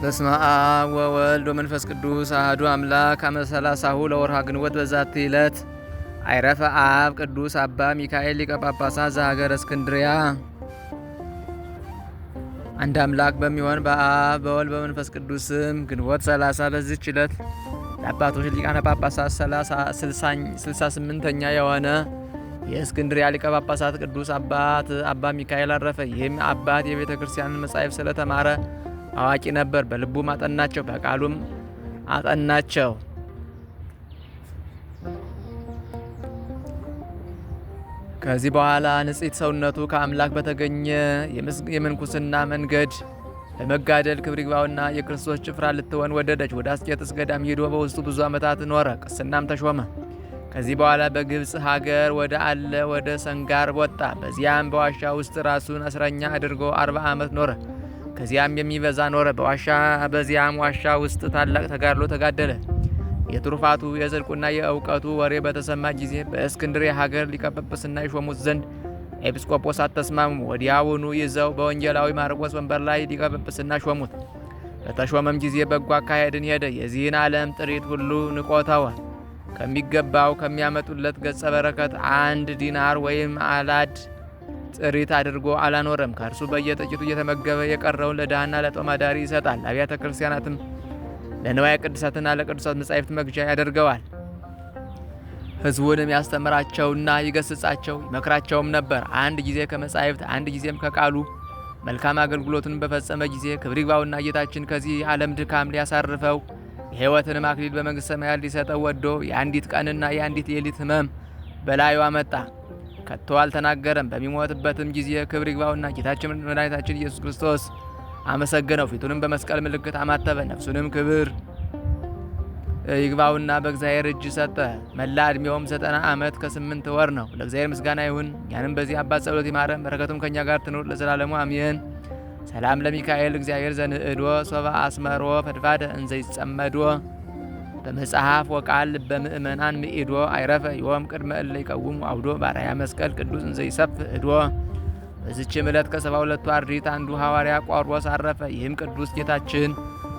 በስመ አብ ወወልድ ወመንፈስ ቅዱስ አህዱ አምላክ አመ ሰላሳሁ ለወርሃ ግንቦት በዛቲ ዕለት አይረፈ አብ ቅዱስ አባ ሚካኤል ሊቀ ጳጳሳት ዘሀገረ እስክንድሪያ። አንድ አምላክ በሚሆን በአብ በወልድ በመንፈስ ቅዱስ ስም ግንቦት 30 በዚች ዕለት ለአባቶች ሊቃነ ጳጳሳት 68ኛ የሆነ የእስክንድሪያ ሊቀ ጳጳሳት ቅዱስ አባት አባ ሚካኤል አረፈ። ይህም አባት የቤተ ክርስቲያንን መጻሕፍት ስለተማረ አዋቂ ነበር። በልቡም አጠናቸው፣ በቃሉም አጠናቸው። ከዚህ በኋላ ንጽሕት ሰውነቱ ከአምላክ በተገኘ የምንኩስና መንገድ ለመጋደል ክብር ይግባውና የክርስቶስ ጭፍራ ልትሆን ወደደች። ወደ አስቄጥስ ገዳም ሄዶ በውስጡ ብዙ ዓመታት ኖረ፣ ቅስናም ተሾመ። ከዚህ በኋላ በግብፅ ሀገር ወደ አለ ወደ ሰንጋር ወጣ። በዚያም በዋሻ ውስጥ ራሱን እስረኛ አድርጎ አርባ ዓመት ኖረ። ከዚያም የሚበዛ ኖረ። በዋሻ በዚያም ዋሻ ውስጥ ታላቅ ተጋድሎ ተጋደለ። የትሩፋቱ የጽድቁና የእውቀቱ ወሬ በተሰማ ጊዜ በእስክንድርያ ሀገር ሊቀበብስና ይሾሙት ዘንድ ኤጲስቆጶስ አተስማሙ። ወዲያውኑ ይዘው በወንጌላዊ ማርቆስ ወንበር ላይ ሊቀበብስና ሾሙት። በተሾመም ጊዜ በጎ አካሄድን ሄደ። የዚህን ዓለም ጥሪት ሁሉ ንቆተዋል። ከሚገባው ከሚያመጡለት ገጸ በረከት አንድ ዲናር ወይም አላድ ጥሪት አድርጎ አላኖረም። ከእርሱ በየጥቂቱ እየተመገበ የቀረውን ለድሃና ለጦማዳሪ ይሰጣል። አብያተ ክርስቲያናትም ለንዋየ ቅዱሳትና ለቅዱሳት መጻሕፍት መግዣ ያደርገዋል። ሕዝቡንም ያስተምራቸውና ይገስጻቸው ይመክራቸውም ነበር። አንድ ጊዜ ከመጻሕፍት አንድ ጊዜም ከቃሉ መልካም አገልግሎትን በፈጸመ ጊዜ ክብር ይግባውና ጌታችን ከዚህ ዓለም ድካም ሊያሳርፈው የሕይወትን አክሊል በመንግሥተ ሰማያት ሊሰጠው ወዶ የአንዲት ቀንና የአንዲት ሌሊት ሕመም በላዩ አመጣ። ከቶ አልተናገረም። በሚሞትበትም ጊዜ ክብር ይግባውና ጌታችን መድኃኒታችን ኢየሱስ ክርስቶስ አመሰገነው። ፊቱንም በመስቀል ምልክት አማተበ። ነፍሱንም ክብር ይግባውና በእግዚአብሔር እጅ ሰጠ። መላ ዕድሜውም ዘጠና ዓመት ከስምንት ወር ነው። ለእግዚአብሔር ምስጋና ይሁን። እኛንም በዚህ አባት ጸሎት ይማረን፣ በረከቱም ከእኛ ጋር ትኑር ለዘላለሙ አሜን። ሰላም ለሚካኤል እግዚአብሔር ዘንእዶ ሶባ አስመሮ ፈድፋደ እንዘይጸመዶ በመጽሐፍ ወቃል በምእመናን ምኢዶ አይረፈ ይወም ቅድመ እለ ይቀውሙ አውዶ ባርያ መስቀል ቅዱስ እንዘ ይሰፍ እዶ። በዚችም ዕለት ከሰባ ሁለቱ አርድእት አንዱ ሐዋርያ ጳውሎስ አረፈ። ይህም ቅዱስ ጌታችን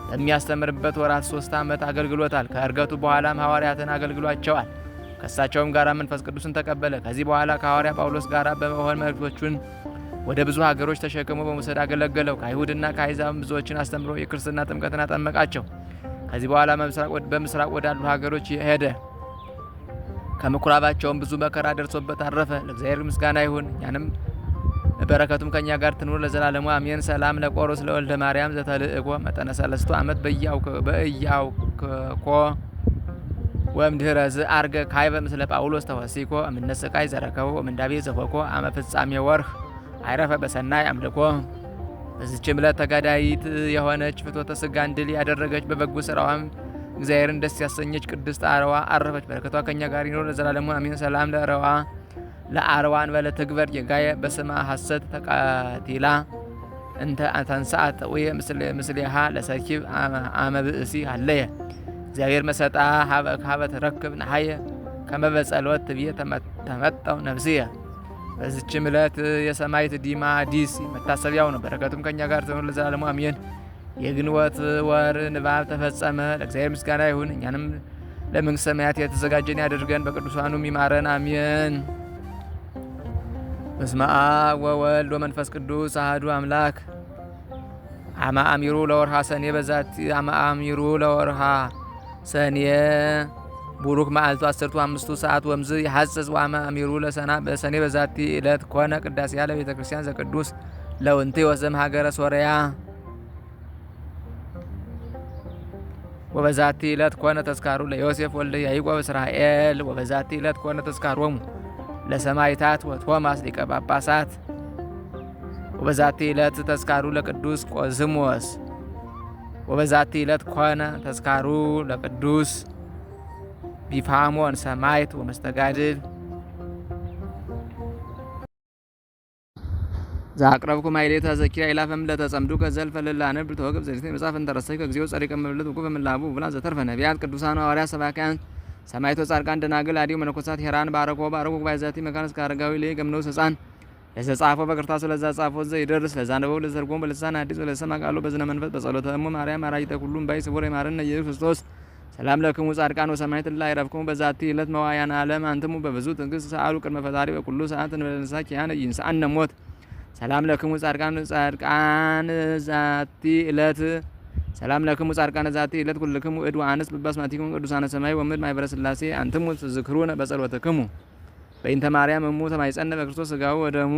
በሚያስተምርበት ወራት ሶስት ዓመት አገልግሎታል። ከእርገቱ በኋላም ሐዋርያትን አገልግሏቸዋል። ከእሳቸውም ጋር መንፈስ ቅዱስን ተቀበለ። ከዚህ በኋላ ከሐዋርያ ጳውሎስ ጋር በመሆን መልእክቶቹን ወደ ብዙ ሀገሮች ተሸክሞ በመውሰድ አገለገለው። ከአይሁድና ከአሕዛብም ብዙዎችን አስተምሮ የክርስትና ጥምቀትን አጠመቃቸው። ከዚህ በኋላ በምስራቅ ወዳሉ ሀገሮች ሄደ። ከምኩራባቸውም ብዙ መከራ ደርሶበት አረፈ። ለእግዚአብሔር ምስጋና ይሁን፣ እኛንም በረከቱም ከእኛ ጋር ትኑር ለዘላለሙ አሜን። ሰላም ለቆሮስ ለወልደ ማርያም ዘተልእኮ መጠነ ሰለስቶ ዓመት በእያውኮ ወም ድህረዝ አርገ ካይበ ምስለ ጳውሎስ ተወሲኮ እምነ ስቃይ ዘረከቦ እምንዳቤ ዘፎኮ አመ ፍጻሜ ወርህ አይረፈ በሰናይ አምልኮ በዚች ዕለት ተጋዳይት የሆነች ፍትወተ ሥጋን ድል ያደረገች በበጎ ስራዋም እግዚአብሔርን ደስ ያሰኘች ቅድስት አርዋ አረፈች። በረከቷ ከኛ ጋር ይኖር ለዘላለሙ አሜን። ሰላም ለረዋ ለአርዋን በለተግበር የጋየ በስማ ሐሰት ተቃቲላ እንተ ተንሳአት ወይ ምስሌሃ ለሰኪብ አመብእሲ አለየ እግዚአብሔር መሰጣ ሀበ ረክብ ነሀየ ከመበጸሎት ትብየ ተመጣው ነፍስየ በዚችም ዕለት የሰማዕት ዲማ ዲስ መታሰቢያው ነው። በረከቱም ከእኛ ጋር ትኑር ለዘላለሙ አሜን። የግንቦት ወር ንባብ ተፈጸመ። ለእግዚአብሔር ምስጋና ይሁን። እኛንም ለመንግሥተ ሰማያት የተዘጋጀን ያድርገን፣ በቅዱሳኑም ይማረን አሜን። በስመ አብ ወወልድ ወመንፈስ ቅዱስ አህዱ አምላክ። አማ አሚሩ ለወርሃ ሰኔ በዛቲ አመ አሚሩ ለወርሃ ሰኔ ቡሩክ መዓልቱ አስርቱ አምስቱ ሰዓት ወምዝ ሀጽጽ ዋማ አሚሩ ለሰና በሰኔ በዛቲ ዕለት ኮነ ቅዳሴ ያለ ቤተ ክርስቲያን ዘቅዱስ ለውንቲ ወዘም ሀገረ ሶሪያ ወበዛቲ ዕለት ኮነ ተስካሩ ለዮሴፍ ወልደ ያዕቆብ እስራኤል ወበዛቲ ዕለት ኮነ ተስካሮሙ ለሰማይታት ወቶማስ ሊቀ ጳጳሳት ወበዛቲ ዕለት ተስካሩ ለቅዱስ ቆዝሞስ ወበዛቲ ዕለት ኮነ ተስካሩ ለቅዱስ ቢፋሞን ሰማይት ወመስተጋድል ዛቅረብኩ ማይሌታ ዘኪራ ኢላፈም ለተጸምዱ ከዘልፈ ለላነ ብርተወገብ ዘዲተ መጽሐፍ እንተረሰይ ከጊዜው ጸሪቀ መብለት ወቁ በመላቡ ብላ ዘተርፈ ነቢያት ቅዱሳን ሐዋርያት ሰባካያን ሰማይቶ ጻድቃን ደናግል አዲው መነኮሳት ሄራን ባረኮ ባረኮ ጉባኤ ዛቲ መካነ እስከ አረጋዊ ገምነው ሰጻን ለዘጻፎ በቅርታ ለዛ ጻፎ ይደርስ ለዛ ነበው ለዘርጎም በልሳን አዲስ ለሰማ ቃሉ በዝነ መንፈስ በጸሎተ እሙ ማርያም አራጅተ ሁሉም ባይ ስቡር የማረነ ኢየሱስ ክርስቶስ ሰላም ለክሙ ጻድቃን ወሰማዕት ላዕረፍክሙ በዛቲ ዕለት መዋያን ዓለም አንትሙ በብዙ ትዕግስት ሰአሉ ቅድመ ፈጣሪ በኩሉ ሰዓት እንበለንሳች ያነ ይንሳአነ ነሞት ሰላም ለክሙ ጻድቃን ጻድቃን ዛቲ ዕለት ሰላም ለክሙ ጻድቃነ ዛቲ ዕለት ኩልክሙ እድ አንስ በባስማቲክሙ ቅዱሳነ ሰማይ ወምድ ማኅበረ ሥላሴ አንትሙ ትዝክሩነ በጸሎትክሙ በኢንተ ማርያም እሙ ተማይጸነ በክርስቶስ ሥጋው ወደሙ